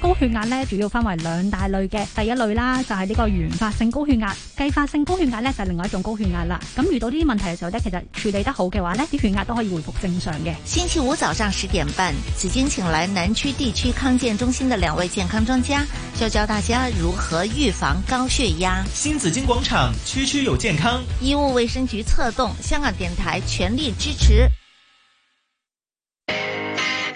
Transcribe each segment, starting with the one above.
高血壓咧，主要分為兩大類嘅，第一類啦就係呢個原發性高血壓，繼發性高血壓咧就係另外一種高血壓啦。咁遇到呢啲問題嘅時候咧，其實處理得好嘅話咧，啲血壓都可以回復正常嘅。星期五早上十點半，紫荊請來南區地區康健中心嘅兩位健康專家，就教大家如何預防高血壓。新紫荊廣場，區區有健康，醫務衛生局策動，香港電台全力支持。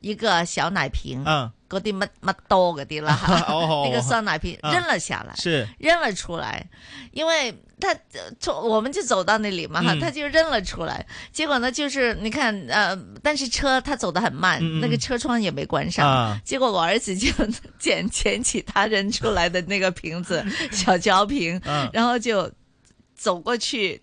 一個小奶瓶，嗯，嗰啲乜乜多嗰啲啦，哦哦哦、那個酸奶瓶扔了下來，啊、是扔了出來，因為他從我們就走到那裏嘛，哈，他就扔了出來，嗯、結果呢就是你看，呃，但是車他走得很慢，嗯、那個車窗也沒關上，嗯啊、結果我兒子就撿撿起他扔出來的那個瓶子、嗯、小膠瓶，嗯、然後就走過去。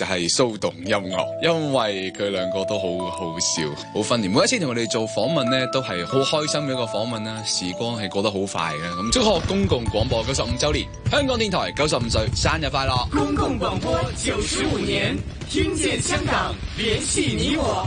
就係騷動音樂，因為佢兩個都好好笑，好 funny。每一次同我哋做訪問呢，都係好開心嘅一個訪問啦。時光係過得好快嘅，咁祝賀公共廣播九十五週年，香港電台九十五歲生日快樂！公共廣播九十五年，聽見香港，聯繫你我。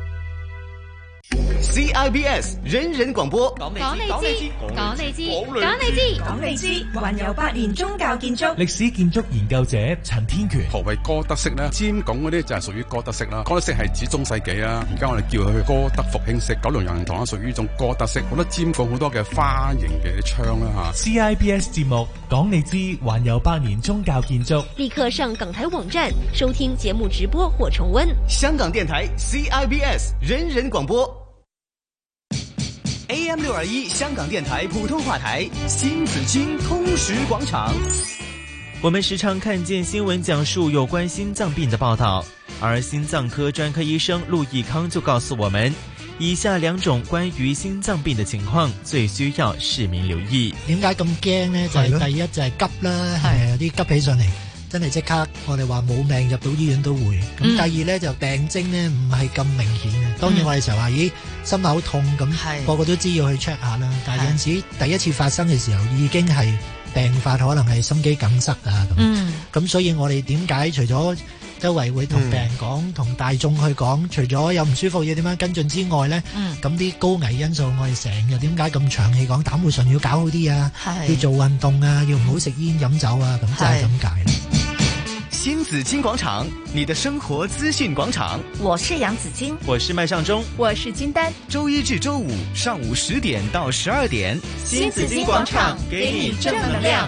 C I B S 人人廣播，講你知，講你知，講你知，講你知，講你知。還有百年宗教建築，歷史建築研究者陳天權。何謂哥德式呢？尖拱嗰啲就係屬於哥德式啦。哥德式係指中世紀啊，而家我哋叫佢去哥德復興式。九龍佑寧堂啊，屬於呢種哥德式，好多尖拱，好多嘅花型嘅窗啦吓。C I B S 節目講你知，還有百年宗教建築。立刻上港台網站收聽節目直播或重温。香港電台 C I B S 人人廣播。m 六二一香港電台普通話台，新紫荊通識廣場。我們時常看見新聞講述有關心臟病的報道，而心臟科專科醫生陸奕康就告訴我們，以下兩種關於心臟病的情況最需要市民留意。點解咁驚呢？就係、是、第一就係急啦，係了有啲急起上嚟。真係即刻，我哋話冇命入到醫院都會。咁第二咧、嗯、就病徵咧唔係咁明顯嘅。當然我哋成日話，咦，心口痛咁，個個都知道是 要去 check 下啦。但係有陣時是 第一次發生嘅時候已經係病發，可能係心肌梗塞啊咁。咁、嗯、所以我哋點解除咗？周圍會同病人講，同、嗯、大眾去講，除咗有唔舒服要點樣跟進之外咧，咁啲、嗯、高危因素我，我哋成日點解咁長氣講膽固醇要搞好啲啊？是要做運動啊，要唔好食煙飲酒啊，咁、嗯、就係咁解啦。新紫荊廣場，你的生活資訊廣場，我是楊紫荊，我是麥尚中，我是金丹。周一至周五上午十點到十二點，新紫荊廣場給你正能量。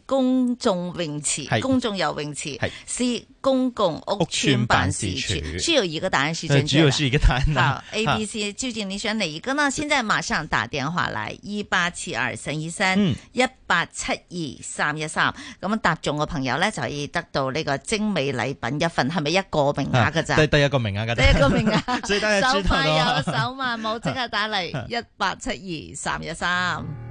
公眾泳池，公眾游泳池，係，是公共屋邨辦事處，需要一個答案處要需要一個答案，A、B、C，究竟，你想哪一個呢？現在馬上打電話嚟，一八七二三一三，一八七二三一三，咁答中嘅朋友咧就可以得到呢個精美禮品一份，係咪一個名額嘅咋？得得一個名額，一個名額，所以得一個朱太咯。手快有，手慢冇，即刻打嚟，一八七二三一三。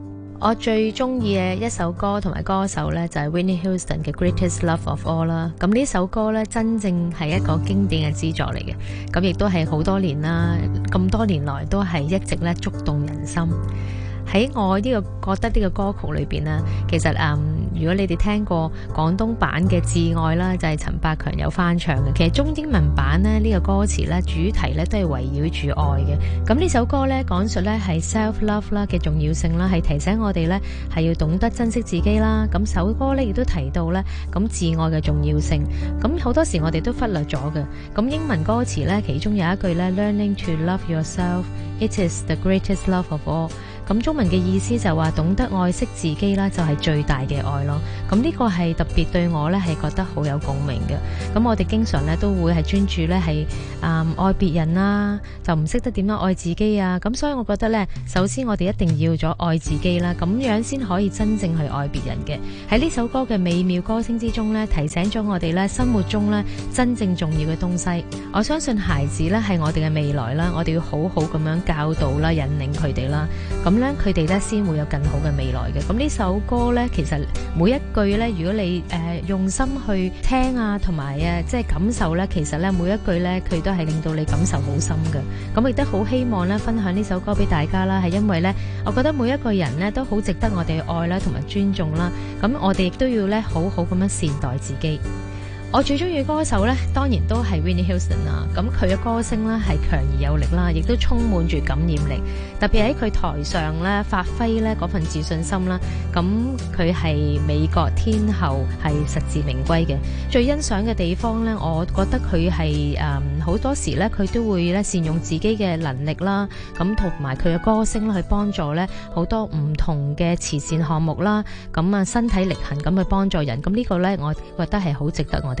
我最中意嘅一首歌同埋歌手呢，就係、是、Winnie Houston 嘅《Greatest Love of All》啦。咁呢首歌呢，真正係一個經典嘅之作嚟嘅。咁亦都係好多年啦，咁多年來都係一直咧觸動人心。喺我呢、這個覺得呢個歌曲裏邊呢，其實嗯。Um, 如果你哋聽過廣東版嘅《至愛》啦，就係陳百強有翻唱嘅。其實中英文版咧，呢個歌詞呢，主題呢都係圍繞住愛嘅。咁呢首歌呢，講述呢係 self love 啦嘅重要性啦，係提醒我哋呢係要懂得珍惜自己啦。咁首歌呢，亦都提到呢咁自愛嘅重要性。咁好多時我哋都忽略咗嘅。咁英文歌詞呢，其中有一句呢 learning to love yourself，it is the greatest love of all。咁中文嘅意思就話懂得愛惜自己啦，就係最大嘅愛咯。咁呢個係特別對我咧，係覺得好有共鳴嘅。咁我哋經常咧都會係專注咧係啊愛別人啦，就唔識得點樣愛自己啊。咁所以我覺得咧，首先我哋一定要咗愛自己啦，咁樣先可以真正去愛別人嘅。喺呢首歌嘅美妙歌聲之中咧，提醒咗我哋咧生活中咧真正重要嘅東西。我相信孩子咧係我哋嘅未來啦，我哋要好好咁樣教導啦、引領佢哋啦。咁佢哋咧先會有更好嘅未來嘅。咁呢首歌呢，其實每一句呢，如果你誒、呃、用心去聽啊，同埋啊，即係感受呢，其實呢，每一句呢，佢都係令到你感受好深嘅。咁亦都好希望呢，分享呢首歌俾大家啦，係因為呢，我覺得每一個人呢，都好值得我哋愛啦，同埋尊重啦。咁我哋亦都要咧好好咁樣善待自己。我最中意嘅歌手咧，當然都係 Whitney Houston 啦。咁佢嘅歌聲咧係強而有力啦，亦都充滿住感染力。特別喺佢台上咧，發揮咧嗰份自信心啦。咁佢係美國天后，係實至名歸嘅。最欣賞嘅地方咧，我覺得佢係誒好多時咧，佢都會咧善用自己嘅能力啦，咁同埋佢嘅歌聲去幫助咧好多唔同嘅慈善項目啦。咁啊，身體力行咁去幫助人。咁、這個、呢個咧，我覺得係好值得我哋。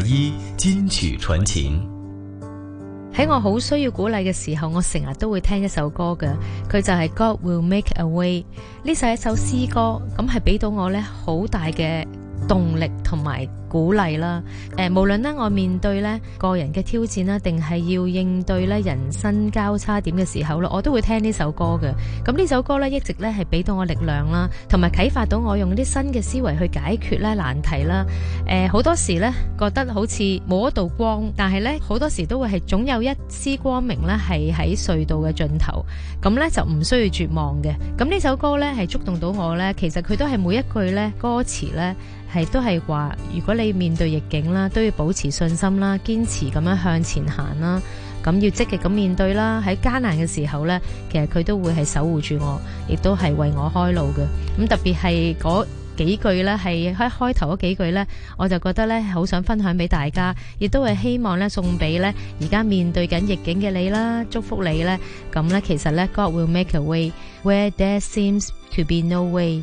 一金曲傳情，喺我好需要鼓勵嘅時候，我成日都會聽一首歌嘅，佢就係 God Will Make A Way，呢首係一首詩歌，咁係俾到我呢好大嘅。動力同埋鼓勵啦，誒、呃，無論咧我面對咧個人嘅挑戰啦，定係要應對咧人生交叉點嘅時候咯，我都會聽呢首歌嘅。咁呢首歌咧，一直咧係俾到我力量啦，同埋啟發到我用啲新嘅思維去解決咧難題啦。誒、呃，好多時咧覺得好似冇一道光，但係咧好多時都會係總有一絲光明咧係喺隧道嘅盡頭。咁咧就唔需要絕望嘅。咁呢首歌咧係觸動到我咧，其實佢都係每一句咧歌詞咧。係都係話，如果你面對逆境啦，都要保持信心啦，堅持咁樣向前行啦，咁要積極咁面對啦。喺艱難嘅時候呢，其實佢都會係守護住我，亦都係為我開路嘅。咁特別係嗰幾句咧，係開開頭嗰幾句呢，我就覺得呢，好想分享俾大家，亦都係希望呢，送俾呢而家面對緊逆境嘅你啦，祝福你呢。咁呢，其實呢，God will make a way where there seems to be no way。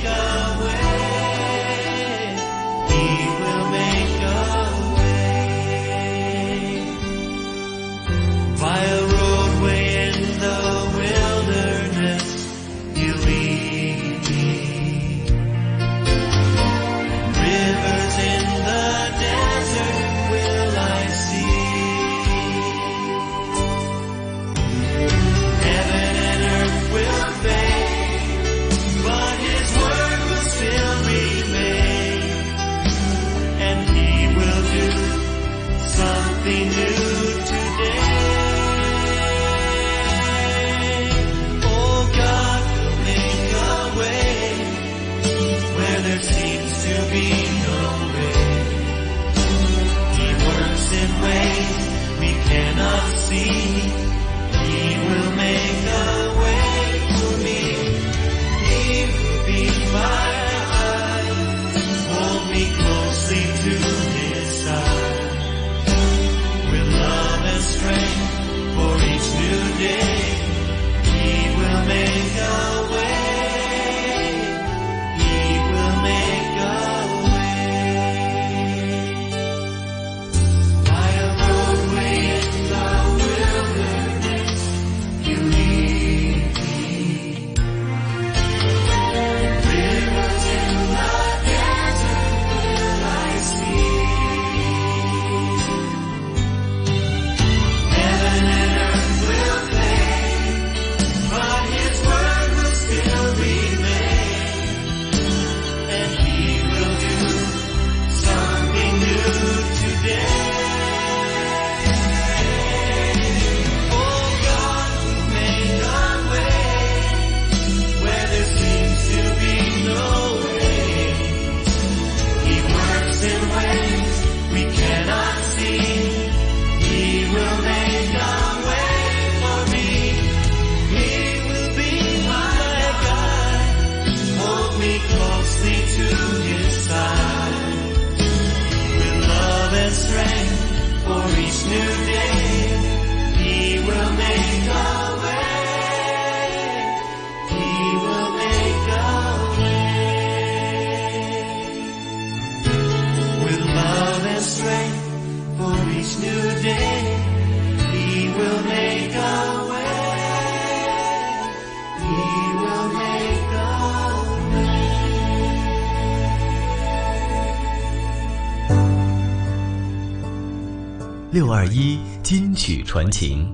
一金曲傳情，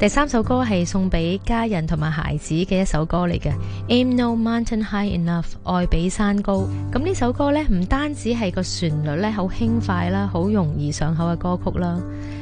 第三首歌係送俾家人同埋孩子嘅一首歌嚟嘅。Ain't No Mountain High Enough，愛比山高。咁呢首歌咧，唔單止係個旋律咧好輕快啦，好容易上口嘅歌曲啦，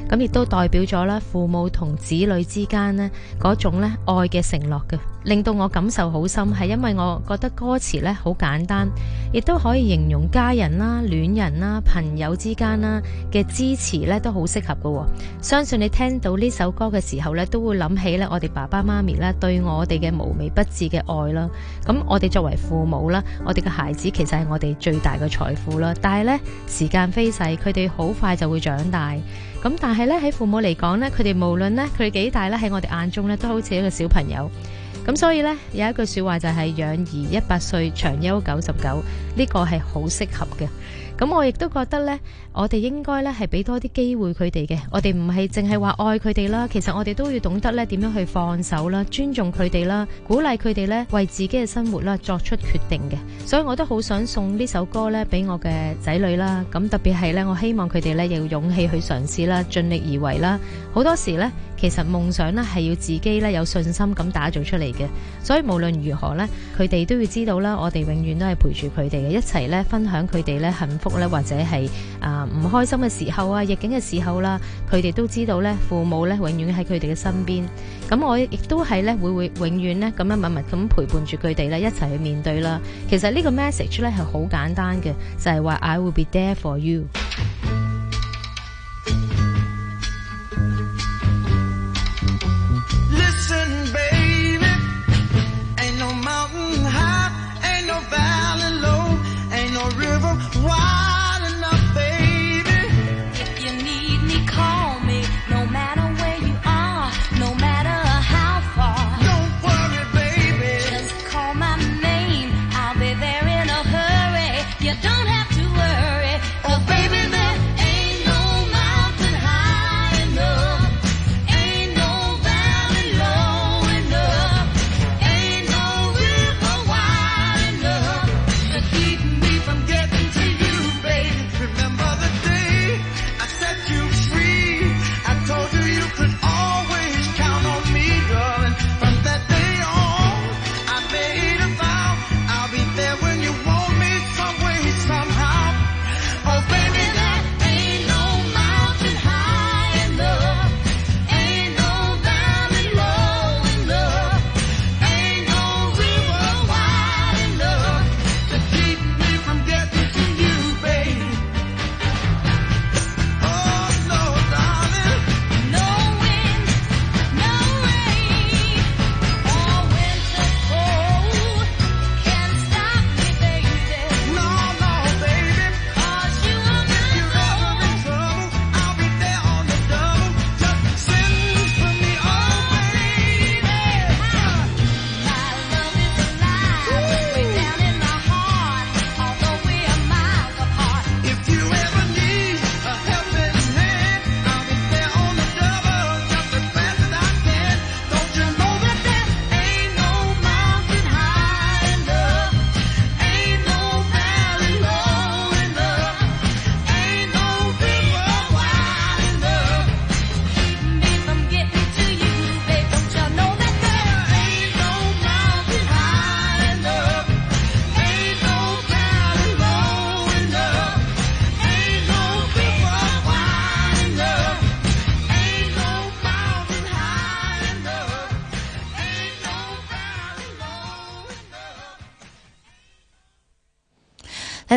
咁亦都代表咗啦父母同子女之間呢嗰種咧愛嘅承諾嘅。令到我感受好深，係因為我覺得歌詞咧好簡單，亦都可以形容家人啦、戀人啦、朋友之間啦嘅支持咧，都好適合噶。相信你聽到呢首歌嘅時候咧，都會諗起咧我哋爸爸媽咪咧對我哋嘅無微不至嘅愛啦。咁我哋作為父母啦，我哋嘅孩子其實係我哋最大嘅財富啦。但係咧時間飛逝，佢哋好快就會長大。咁但係咧喺父母嚟講咧，佢哋無論咧佢哋幾大咧喺我哋眼中咧，都好似一個小朋友。咁所以呢，有一句說話就係養兒一百歲長憂九十九，呢個係好適合嘅。咁我亦都覺得呢，我哋應該呢係俾多啲機會佢哋嘅。我哋唔係淨係話愛佢哋啦，其實我哋都要懂得呢點樣去放手啦、尊重佢哋啦、鼓勵佢哋呢為自己嘅生活啦作出決定嘅。所以我都好想送呢首歌呢俾我嘅仔女啦。咁特別係呢，我希望佢哋呢有勇氣去嘗試啦、盡力而為啦。好多時呢。其實夢想咧係要自己咧有信心咁打造出嚟嘅，所以無論如何咧，佢哋都要知道咧，我哋永遠都係陪住佢哋嘅，一齊咧分享佢哋咧幸福咧，或者係啊唔開心嘅時候啊，逆境嘅時候啦，佢哋都知道咧，父母咧永遠喺佢哋嘅身邊。咁我亦都係咧會會永遠咧咁樣默默咁陪伴住佢哋咧一齊去面對啦。其實呢個 message 咧係好簡單嘅，就係話 I will be there for you。